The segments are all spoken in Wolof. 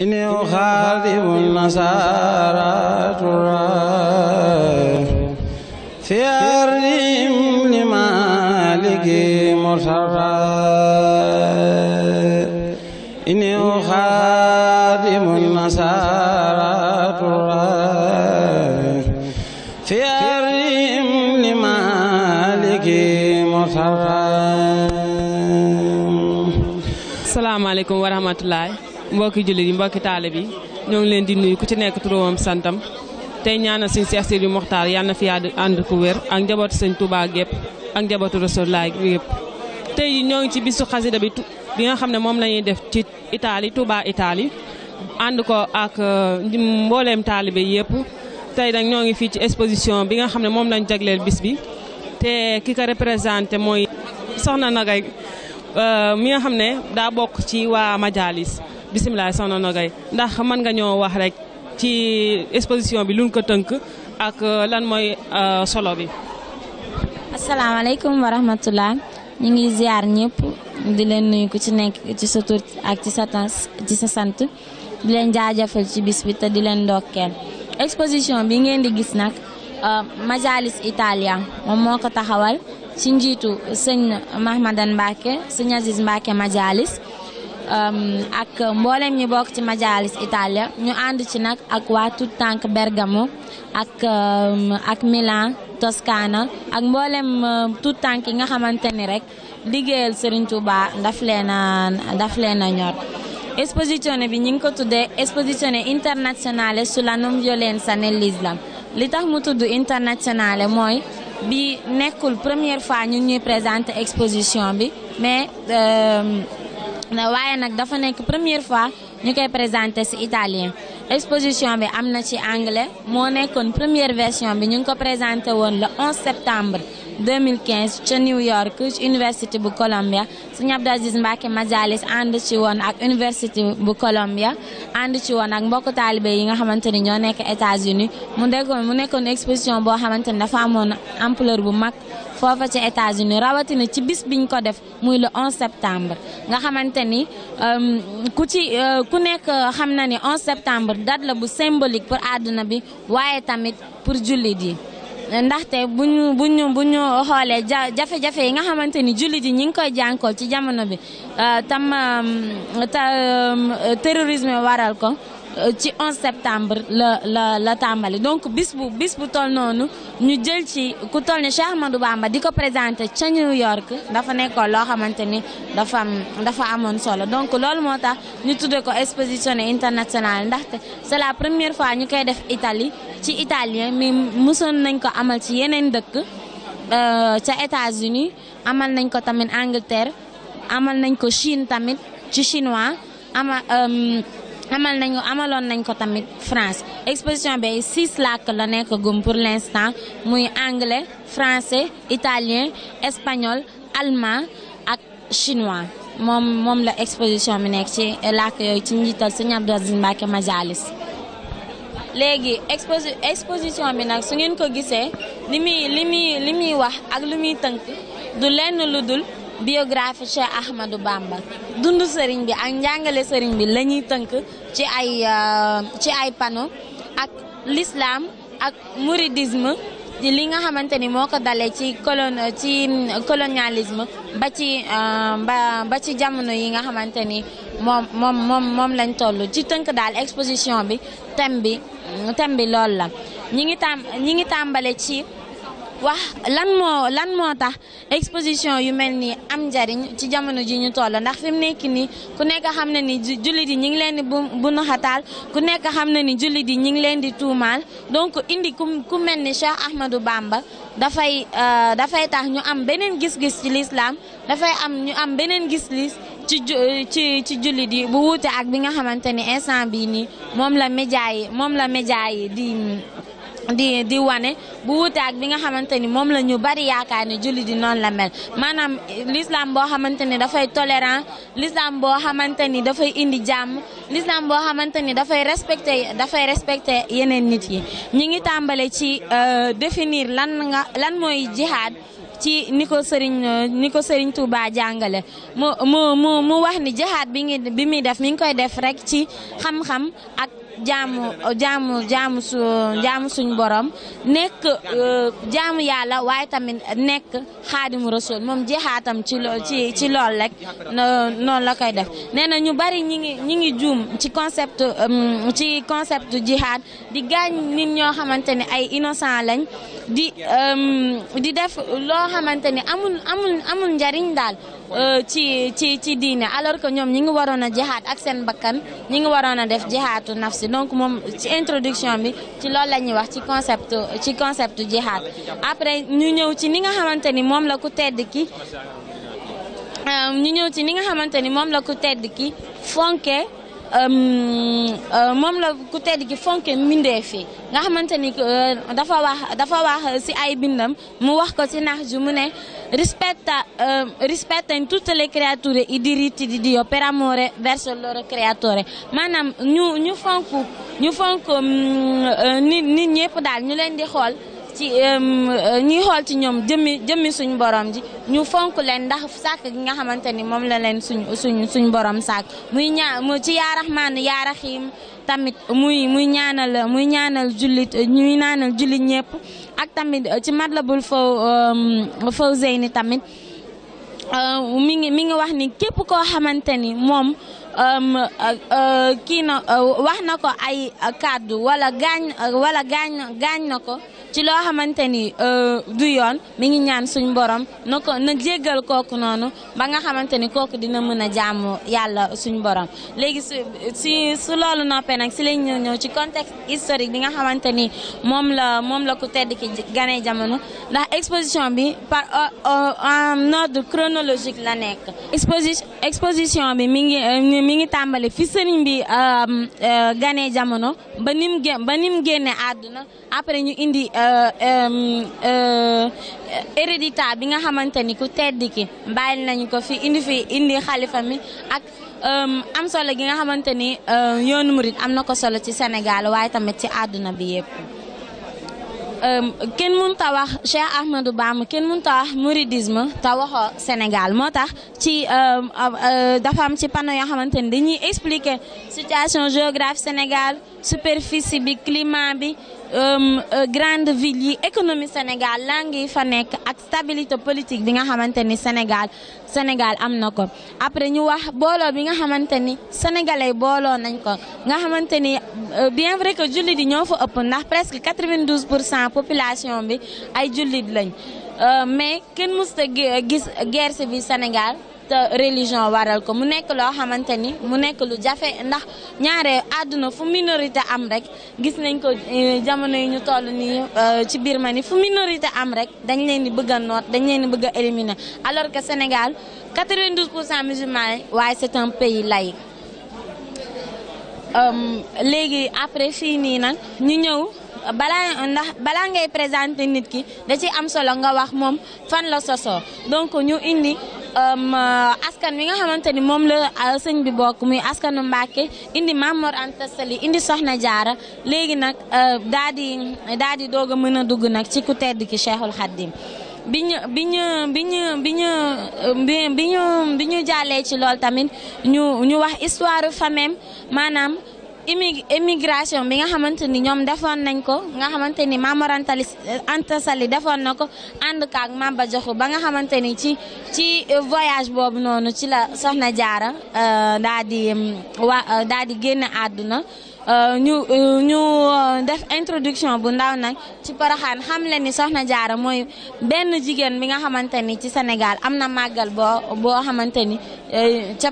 إني أخاذب النصارى ترى في أرضهم لمالك مصرى إني أخاذب النصارى ترى في أرضهم لمالك مصرى السلام عليكم ورحمة الله mbokki jullit yi mbokki taale bi ñoo ngi leen di nuyu ku ci nekk turamam santam tey ñaanal sëñ Seex Sidi Moxtaar yàlla na fi yaadu ànd ku wér ak njabootu sëñ Touba gépp ak njabootu Rasulullah gépp tey ñoo ngi ci bisu xasida bi bi nga xam ne moom la ñuy def ci Italie Touba Italie ànd ko ak euh, mbooleem taalibe yëpp tey nag ñoo ngi fii ci exposition bi nga xam ne moom lañ jagleel bis bi te ki ko représenté mooy soxna Nagay euh, mi nga xam ne daa bokk ci waa Majalis bisimilah soxna Nogay ndax mën nga ñoo wax rek ci exposition bi luñ ko tënk ak euh, lan mooy euh, solo bi. asalaamaaleykum wa rahmatulah ñu ngi ziar ñëpp di leen nuyu ku ci nekk ci sa tur ak ci sa ci sa sant di leen jaajëfal ci bis bi te di leen ndokkeel exposition bi ngeen di gis nag euh, majalis italien moom moo ko taxawal ci njiitu sëñ Mahmadan Mbacke sëñ Aziz Mbacke majalis. Ehm, ak mboolem ñi bokk ci majalis Italia ñu ànd ci nag ak waa tout tànk Bergamo ak ehm, ak Milan Toscana ak mboolem ehm, tout tànk yi nga xamante ni rek liggéeyal Serigne Touba daf leen a daf leen a ñor. exposition bi ñi ngi ko tuddee exposition internationale sulla non violenza nell'Islam li tax mu tudd internationale mooy bi nekkul première fois ñun ñuy présenter exposition bi mais. waaye nag dafa nekk première fois ñu koy présenté ci italien exposition bi am na ci anglais moo nekkoon première version bi ñu ngi ko présenté woon le 11 septembre 2015 ca New York ci université bu Columbia sëñ Abdou Aziz Mbacke Majalis ànd ci woon ak université bu Columbia ànd ci woon ak mbokk taalibe yi nga xamante ni ñoo nekk États-Unis mu nekkoon mu nekkoon exposition boo xamante ni dafa amoon ampleur bu mag foofa ci États-Unis rawatina ci bis biñ ko def muy le 11 septembre nga xamante ni euh, ku ci euh, ku nekk xam na ni 11 septembre date la bu symbolique pour àdduna bi waaye tamit pour jullit yi ndaxte bu ñu bu ñu ñu xoolee jafe-jafe yi nga xamante ni jullit yi ñu ngi koy jànkool ci jamono bi euh, tam euh, euh, terrorisme waral ko Euh, ci 11 septembre la la la tambali donc bis bu bis bu toll noonu ñu jël ci ku tol ni Cheikh amadou Bamba diko présenter ci New York dafa nekkoon lo xamanteni dafa am dafa amone solo donc lool motax ñu tuddee ko exposition internationale ndax c'est la première fois ñu koy def Italie ci italien mais mësoon nañ ko amal ci yenen dëkk euh, ca États-Unis amal nañ ko tamit Angleterre amal nañ ko Chine tamit ci chinois ama euh, amal nañu amaloon nañ ko tamit France exposition bi six lakk la nekk gum pour l'instant muy anglais français italien espagnol allemand ak chinois moom moom la exposition bi nekk ci làkk yooyu ci njiital Sëñ Abdou Aziz Mbacké Majalis léegi exposition bi nag su ngeen ko gisee li muy li muy li muy wax ak li muy tënk du lenn lu dul biographie Cheikh Ahmadou Bamba dundu sëriñ bi ak njàngale sëriñ bi lañuy tënk ci ay euh, ci ay pano ak lislaam ak mouridisme di li nga xamante ni moo ko dalee ci colon ci colonialisme ba ci euh, ba ci jamono yi nga xamante ni moom moom moom lañ toll ci tënk daal exposition bi thème bi thème bi loolu la ñi ngi tàmbale ci wax lan moo lan moo tax exposition yu mel nii am njariñ ci jamono ji ñu toll ndax fi nekk nii ku nekk xam na ni jullit yi ñu ngi leen di bu bu nu xataal ku nekk xam na ni jullit yi ñu ngi leen di tuumaal donc indi ku ku mel ni Cheikh Ahmadou Bamba dafay euh, dafay tax ñu am beneen gis-gis ci lislaam dafay am ñu am beneen gis-gis ci ci ci jullit bu wuute ak bi nga xamante ni instant bii nii moom la média yi moom la média yi di. di wane bu wuute ak bi nga xamante ni moom la ñu bari yaakaar ne julli di noonu la mel maanaam l'islam boo xamante ni dafay toleran l'islam boo xamante ni dafay indi jàmm l'islam boo xamante ni dafay respecté dafay respecté yeneen nit yi ñu ngi tàmbalee ci euh, définir lan nga lan mooy jihaad ci ni ko Serigne ni ko Serigne Touba jàngale mu mu mu wax ni jihaad bi ngi bi muy def mi ngi koy def rek ci xam-xam ak jaamu jaamu jaamu su jaamu suñ borom nekk euh, jaamu yàlla waaye tamit nekk xaadimu rasul moom jeexaatam ci ci ci lool rek noonu la koy def nee na ñu bari ñi ngi ñi ngi juum ci concept um, ci concept jihad di gaañ nit ñoo xamante ni ay innocent lañ di um, di def loo xamante ni amul amul amul njariñ daal Euh, ci ci ci diine alors que ñoom ñi ngi waroon a jihaad ak seen bakkan ñi ngi waroon a def jihaatu si donc moom ci introduction bi ci loolu la ñuy wax ci concept ci concept jihaad après ñu ñëw ci ni nga xamante ni moom la ku tedd ki euh, ñu ñëw ci ni nga xamante ni moom la ku tedd ki fonke moom la ku tedd gi fonke mbindeef yi nga xamante ni uh, dafa wax dafa wax ci ay bindam mu wax ko ci nax ju mu ne respecta um, respecta in tutte le creature i diritti di Dio per amore vers leur créateur creatore maanaam ñu ñu fonk ñu fonk um, uh, nit nit ñëpp daal ñu leen di xool ci ñuy xool ci ñoom jëmmi jëmmi suñu borom ji ñu fonk leen ndax sàkk gi nga xamante ni moom la leen suñu suñ suñu borom sàkk muy ñaa ci yaa raxmaan yaa tamit muy muy ñaanal muy ñaanal jullit ñuy ñaanal jullit ñëpp ak tamit ci mat matlabul faw faw zeyni tamit mi ngi mi ngi wax ni képp koo xamante ni moom e, kii na wax na ko ay kàddu wala gaañ wala gaañ gaañ na ko ci loo xamante ni euh, du yoon mi ngi ñaan suñ borom na ko na jéggal kooku noonu ba nga xamante ni kooku dina mën a jàmm yàlla suñ borom léegi su si su loolu noppee nag si lañ ñëw ñëw ci contexte historique bi nga xamante ni moom la moom la ku tedd ki ganee jamono ndax exposition bi par euh, euh, en ordre chronologique la nekk exposition exposition bi mi ngi mi ngi tàmbali fi sëriñ bi ganee jamono ba nim ba nim génne àdduna après ñu indi Euh, euh, euh, hérédité bi nga xamante ni ku tedd ki bàyyil nañu ko fi indi fi indi xalifa mi ak am solo gi nga xamante ni yoonu murit am na ko solo ci Sénégal waaye tamit ci àdduna bi yépp kenn mënut a wax Cheikh Ahmadou Bamba kenn mun ta wax mouridisme te waxoo Sénégal moo tax ci dafa am ci panneau yoo xamante ni dañuy expliquer situation géographique Sénégal superficie bi climat bi Euh, euh, grande ville yi économie Sénégal laa ngi fa nekk ak stabilité politique bi nga xamante ni Sénégal Sénégal am na ko après ñu wax booloo bi nga xamante ni sénégalais booloo nañ ko nga xamante ni euh, bien vrai que jullit yi ñoo fa ëpp ndax presque 92 pour cent population bi ay jullit lañ mais kenn mësta gis guerre civile Sénégal te religion waral ko mu nekk loo xamante ni mu nekk lu jafe ndax ñaare àdduna fu minorité am rek gis nañ ko eh, jamono yi ñu toll nii eh, ci Birmanie fu minorité am rek dañ leen di bëgg a noot dañ leen di bëgg a alors que Sénégal 92 pour cent musulmans lañ waaye c'est un pays laïque. Euh, léegi après fii nii nag ñu ñëw balaa ndax balaa ngay présenter nit ki da ci am solo nga wax moom fan la sosoo donc ñu indi. Euh, askan wi nga xamante ni moom la euh, sëñ bi bokk mi askanu Mbàkke indi Mamor Anta Sali indi Soxna Jaara léegi nag euh, daa di daa di doog a mën a dugg nag ci ku tedd ki Cheikhul Khadim bi ñu bi ñu bi ñu bi bi ñu bi ñu jàllee ci lool tamit ñu ñu wax histoire fameem maanaam immigration bi nga xamante ni ñoom defoon nañ ko nga xamante ni Mame Mor Anta defoon na ko ànd kaak Maba Diakhou ba nga xamante ni ci ci voyage boobu noonu ci la Soxna Jaara euh, daa di euh, wa euh, daa di génn àdduna ñu ñu def introduction bu ndaw nag ci Porokhane xam le ni Soxna Jaara mooy benn jigéen bi nga xamante ni ci Sénégal am na màggal boo boo xamante ni ca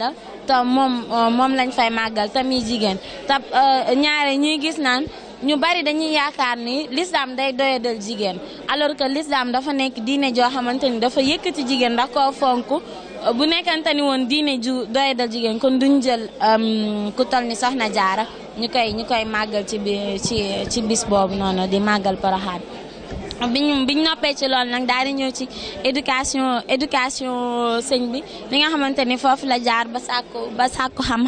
la te moom euh, moom lañ fay màggal te muy jigéen te euh, ñaare ñuy gis naan ñu bari dañuy yaakaar ni l'islam day doyadal jigéen alors que l'islam dafa nekk diine joo xamante ni dafa yëkkati jigéen ndax koo fonk bu nekkante ni woon diine ju doyadal jigéen kon duñ jël euh, ku toll ni soxna jaara ñu koy ñu koy màggal ci bi ci ci bis boobu noonu di màggal Porokhane bi biñ noppee ci lool nag daal di ñëw ci éducation éducation sëñ bi li nga xamante ni foofu la jaar ba sàkku ba sàkku xam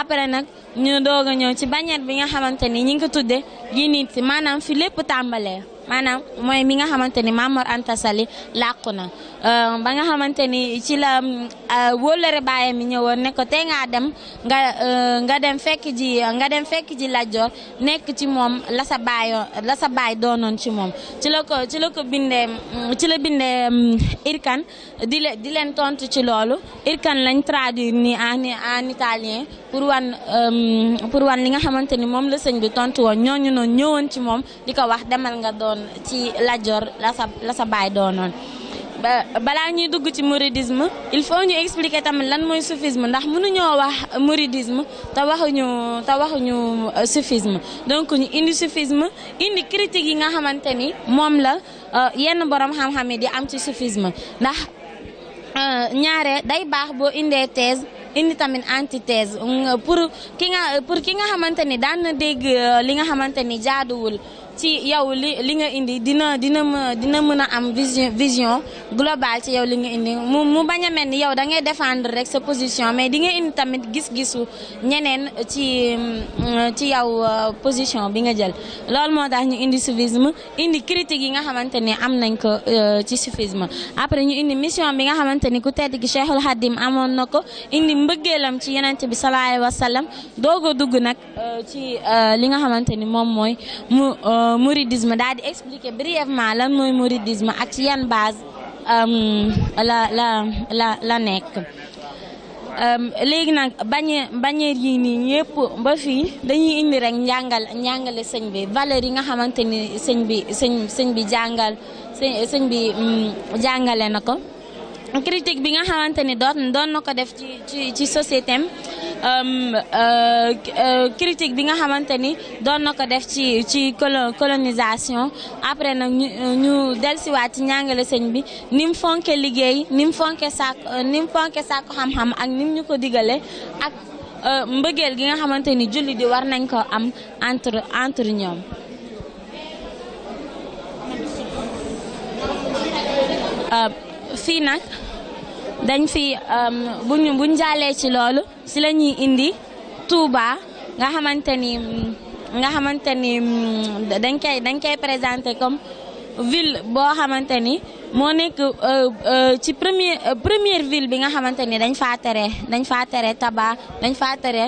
après nag ñu doog a ñëw ci bannière bi nga xamante ni ñi ngi ko tudde gi nit si maanaam fi lépp tàmbalee mana moy mi nga xamanteni antasali Mamor Anta Sali hamanteni na ba nga xamanteni ci la eh, wolere baye mi ñewon ne ko te nga dem nga nga dem fekk ji nga dem fekk ji nek ci mom la sa la sa baay doonoon ci mom ci la ko ci la ko ci la binde mm, mm, irkan di le di len tontu ci lolu irkan lañ traduire ni en en italien pour wan pour wan li nga xamanteni mom moom la sëñ bi tontu woon ñooñu non ñewon ci mom diko wax demal nga ci Lat Joor la sa la sa baay doonoon balaa ñuy dugg ci mouridisme il faut ñu expliquer tamit lan mooy soufisme ndax ñoo wax mouridisme te waxuñu te waxuñu euh, soufisme donc ñu indi soufisme indi critique yi nga xamante ni moom la euh, yenn borom xam-xam yi di am ci soufisme ndax euh, ñaare day baax boo indee thèse indi tamit antithèse pour ki nga pour ki nga xamante ni daan na dégg li nga xamante ni jaaduwul ci yow li nga indi dina dina ma dina meuna am vision vision global ci yow li nga indi mu mu bañ a yow da ngay défendre rek sa position mais di nga indi tamit gis-gisu ñeneen ci mm, ci yow euh, position bi nga jël lool mo tax ñu indi civisme indi critique yi nga xamanteni am nañ ko euh, ci civisme après ñu indi mission bi nga xamanteni ku tedd gi cheikhul hadim amon nako indi mbeugelam ci yenente bi sallallahu alayhi wasallam dogo doog a dugg nag euh, ci li nga xamanteni mom moy mu Euh, mouridisme daal di expliquer brièvement lan mooy mouridisme ak yan base euh, la la la la nekk euh, léegi nag bañe bañeer yi nii ñëpp ba fii dañuy indi rek njàngal njàngale sëñ bi valeur yi nga xamante ni sëñ bi sëñ sëñ bi jàngal sëñ bi mm, jàngale na ko critique bi nga xamante ni doon doon na ko def ci ci ci société am euh, euh, euh, bi nga xamante ni doon na ko def ci ci colonisation après nag ñu ñu dellusiwaat ci njàngale sëñ bi ni mu liggéey ni fonké fonke sàkk xam-xam ak ni ñu ko digale ak mbëggeel gi nga xamante ni julli di war nañ ko am entre entre ñoom. fii nag dañ fi um, buñ buñ jàllee ci loolu ci la ñuy indi Touba nga xamante ni nga xamante ni dañ koy dañ koy présenté comme ville boo xamante ni moo nekk euh, euh, ci premier euh, première ville bi nga xamante ni dañ faa tere dañ faa tere tabac dañ faa tere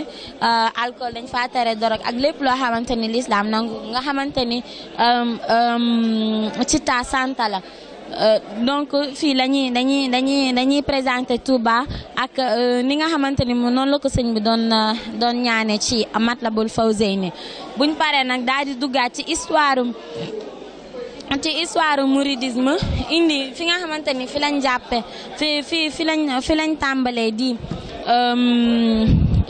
alcool dañ faa tere drogue ak lépp loo xamante ni l'islam nangu nga xamante ni um, um, ci ta santa la Euh, donc fii la ñuy dañuy dañuy dañuy présenter Touba ak euh, ni nga xamante ni mu noonu la ko sëñ bi doon euh, doon ñaane ci Matlabul Fawzeyni buñ paree nag daal di duggaat ci histoire ci histoire mouridisme indi fi nga xamante ni fi lañ jàppe fi fi fi lañ fi di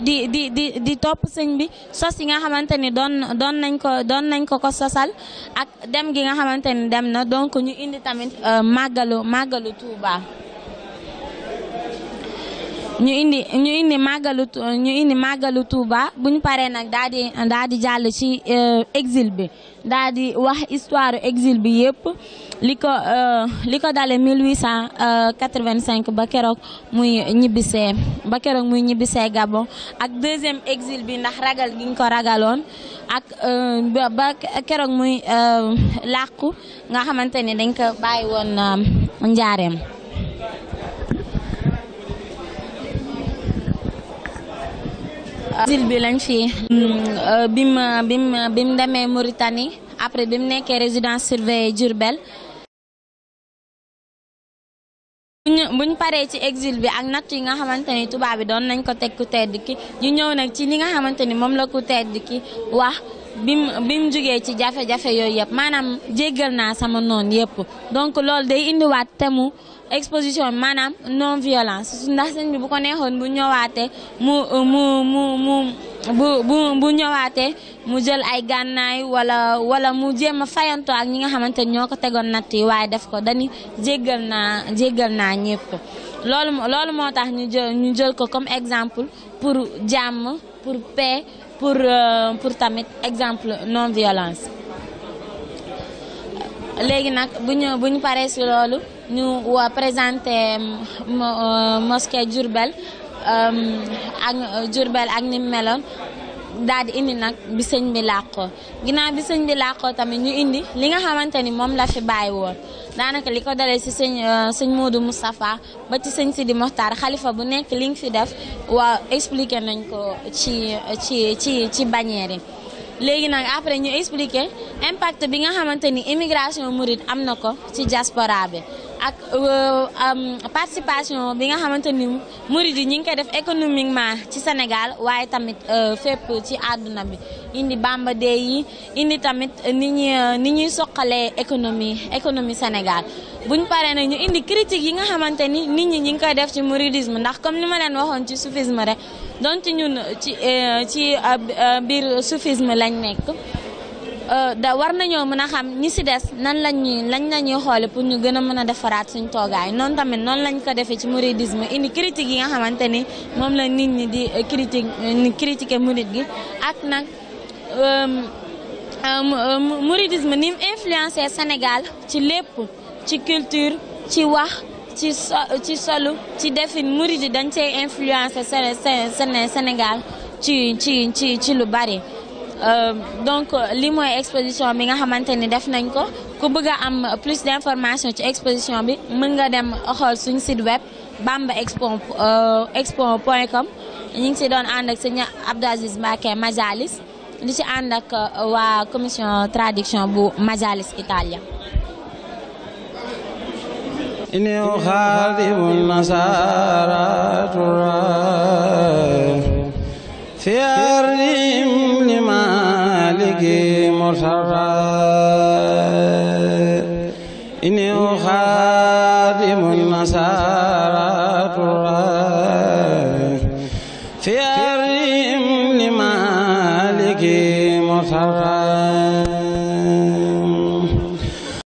di di di di topp sëñ bi sos yi nga xamante ni doon doon nañ ko doon nañ ko ko sosal ak dem gi nga xamante ni dem na donc ñu indi tamit euh, màggalu màggalu Touba. ñu indi ñu indi màggalu ñu indi màggalu Touba bu ñu paree nag daal di daal di jàll ci euh, exil bi daal di wax histoire exil bi yëpp li ko euh, li ko dale 1885 euh, ba keroog muy ñibbisee ba keroog muy ñibbisee Gabon ak deuxième exil bi ndax ragal gi ko ragaloon ak ba keroog muy làqu nga xamante ni dañ ko bàyyi woon njaareem asile bi lañ fi bi euh, bim bi mu bi mu demee Mauritanie après bi mu nekkee résidence surveillée Diourbel buñu bu ñu paree ci exil bi ak natt yi nga xamante ni tubaab bi doon nañ ko teg ku tedd ki ñu ñëw nag ci li nga xamante ni moom la ku tedd ki waa bi mu bi jugee ci jafe-jafe yooyu yëpp maanaam jéggal naa sama noon yëpp donc loolu day indiwaat temu exposition ya, manam non violence ndax señ bi bu ko neexoon bu ñëwaatee mu mu mu mu bu bu bu mu jël ay gannaay wala wala mu jéem fayanto ak ñi nga xamanté ñoko tégon natti way def ko dañi jéggal na jéggal na ñepp loolu loolu motax ñu jël ñu jël ko comme exemple pour jamm pour paix pour euh, pour tamit exemple non violence légui nak buñu buñu paré ci paree loolu ñu waa présenté euh, mosquée Diourbel euh, ak Diourbel ak nim meloon daal di indi nag bi sëñ bi làqoo ginaa bi sëñ bi làqoo tamit ñu indi li nga xamante ni moom la fi bàyyi woon daanaka li ko dalee si sëñ euh, sëñ Modou ba ci sëñ Sidi Mokhtar xalifa bu nekk li nga fi def waa expliqué nañ ko ci ci ci ci bannière yi léegi nag après ñu expliqué impact bi nga xamante ni immigration mouride am na ko ci diaspora bi ak euh, participation bi nga xamante ni murid yi ñu ngi koy def économiquement ci Sénégal waaye tamit euh, fépp ci àdduna bi indi Bamba de yi indi tamit ni ñuy euh, ni ñuy soqalee économie économie Sénégal buñ paree na ñu indi critique yi nga xamante ni nit ñi ñu ngi koy def ci mouridisme ndax comme ni ma leen waxoon ci soufisme rek donc ñun ci ci biir soufisme lañ nekk Euh, da war nañoo mën a xam ñi si des nan lañ ñuy lañ la ñuy xoole pour ñu gën a mën a defaraat suñ toogaay noonu tamit noonu lañ ko defee ci mouridisme indi critique yi nga xamante ni moom la nit ñi di euh, critique euh, ni critiquer murid gi ak nag mouridisme ni mu influencé Sénégal ci lépp ci culture ci wax ci ci solu ci defin murid yi dañ see influencé Sénégal ci ci ci ci lu bari Euh, donc euh, li moy exposition bi nga xamanteni def nañ ko ku bëgg am plus d' ci exposition bi mën nga dem xol suñ site web bamba expo euh expo.com ñi ngi ci doon and ak sëñ Abdaziz Aziz Majalis li ci and ak euh, wa commission traduction bu Majalis Italia إني أخاذب النصارى في أرضهم gi murtara ini xaadimu nasara